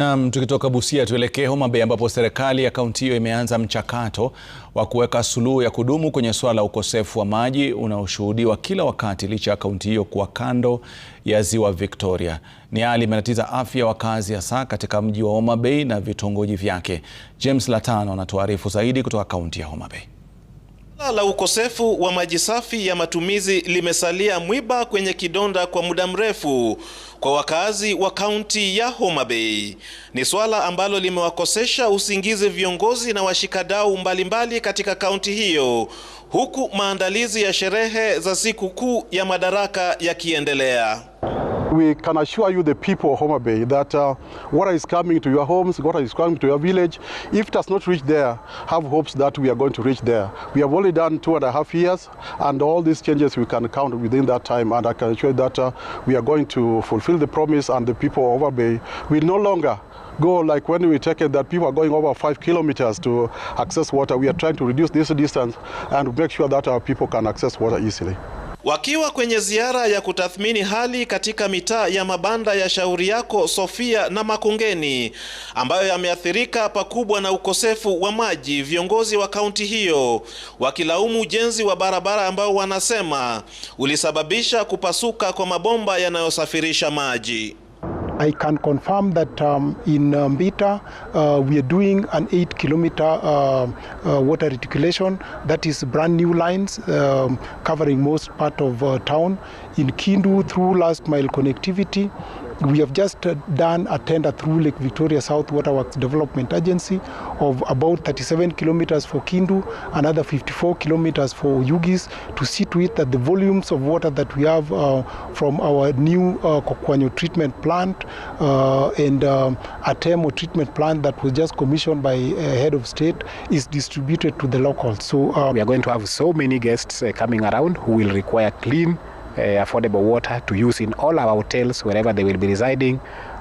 Naam, tukitoka Busia tuelekee Homa Bay ambapo serikali ya kaunti hiyo imeanza mchakato wa kuweka suluhu ya kudumu kwenye suala la ukosefu wa maji unaoshuhudiwa kila wakati licha ya kaunti hiyo kuwa kando ya Ziwa Victoria. Ni hali imetatiza afya ya wakazi hasa katika mji wa Homa Bay na vitongoji vyake. James Latano anatuarifu zaidi kutoka kaunti ya Homa Bay la ukosefu wa maji safi ya matumizi limesalia mwiba kwenye kidonda kwa muda mrefu kwa wakazi wa kaunti ya Homa Bay. Ni swala ambalo limewakosesha usingizi viongozi na washikadau mbalimbali katika kaunti hiyo, huku maandalizi ya sherehe za siku kuu ya madaraka yakiendelea. we can assure you, the people of Homa Bay, that uh, water is coming to your homes, water is coming to your village. If it has not reached there, have hopes that we are going to reach there. We have only done two and a half years, and all these changes we can count within that time, and I can assure you that uh, we are going to fulfill the promise, and the people of Homa Bay will no longer go like when we take it that people are going over five kilometers to access water. We are trying to reduce this distance and make sure that our people can access water easily. Wakiwa kwenye ziara ya kutathmini hali katika mitaa ya mabanda ya Shauri Yako, Sofia na Makongeni ambayo yameathirika pakubwa na ukosefu wa maji, viongozi wa kaunti hiyo wakilaumu ujenzi wa barabara ambao wanasema ulisababisha kupasuka kwa mabomba yanayosafirisha maji. I can confirm that um, in uh, Mbita uh, we are doing an 8 kilometer uh, uh, water reticulation that is brand new lines um, covering most part of uh, town. In Kindu through last mile connectivity We have just uh, done a tender through Lake Victoria South Waterworks Development Agency of about 37 kilometers for Kindu, another 54 kilometers for Yugis to see to it that the volumes of water that we have uh, from our new uh, Kokwanyo treatment plant uh, and um, uh, Atemo treatment plant that was just commissioned by uh, head of state is distributed to the locals. So um, we are going to have so many guests coming around who will require clean uh, affordable water to use in all our hotels wherever they will be residing.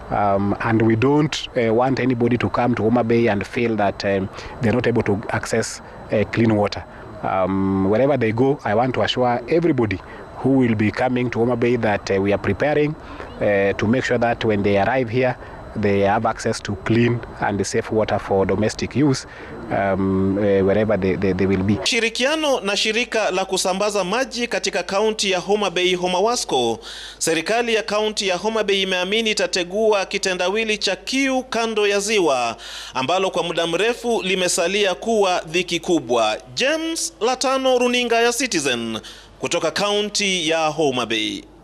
Um, and we don't uh, want anybody to come to Homa Bay and feel that um, they're not able to access uh, clean water. Um, wherever they go, I want to assure everybody who will be coming to Homa Bay that uh, we are preparing to make sure that when they arrive here, they have access to clean and safe water for domestic use um, eh, wherever they, they, they will be. Shirikiano na shirika la kusambaza maji katika kaunti ya Homa Bay Homawasco, serikali ya kaunti ya Homa Bay imeamini itategua kitendawili cha kiu kando ya ziwa ambalo kwa muda mrefu limesalia kuwa dhiki kubwa. James Latano, runinga ya Citizen kutoka kaunti ya Homa Bay.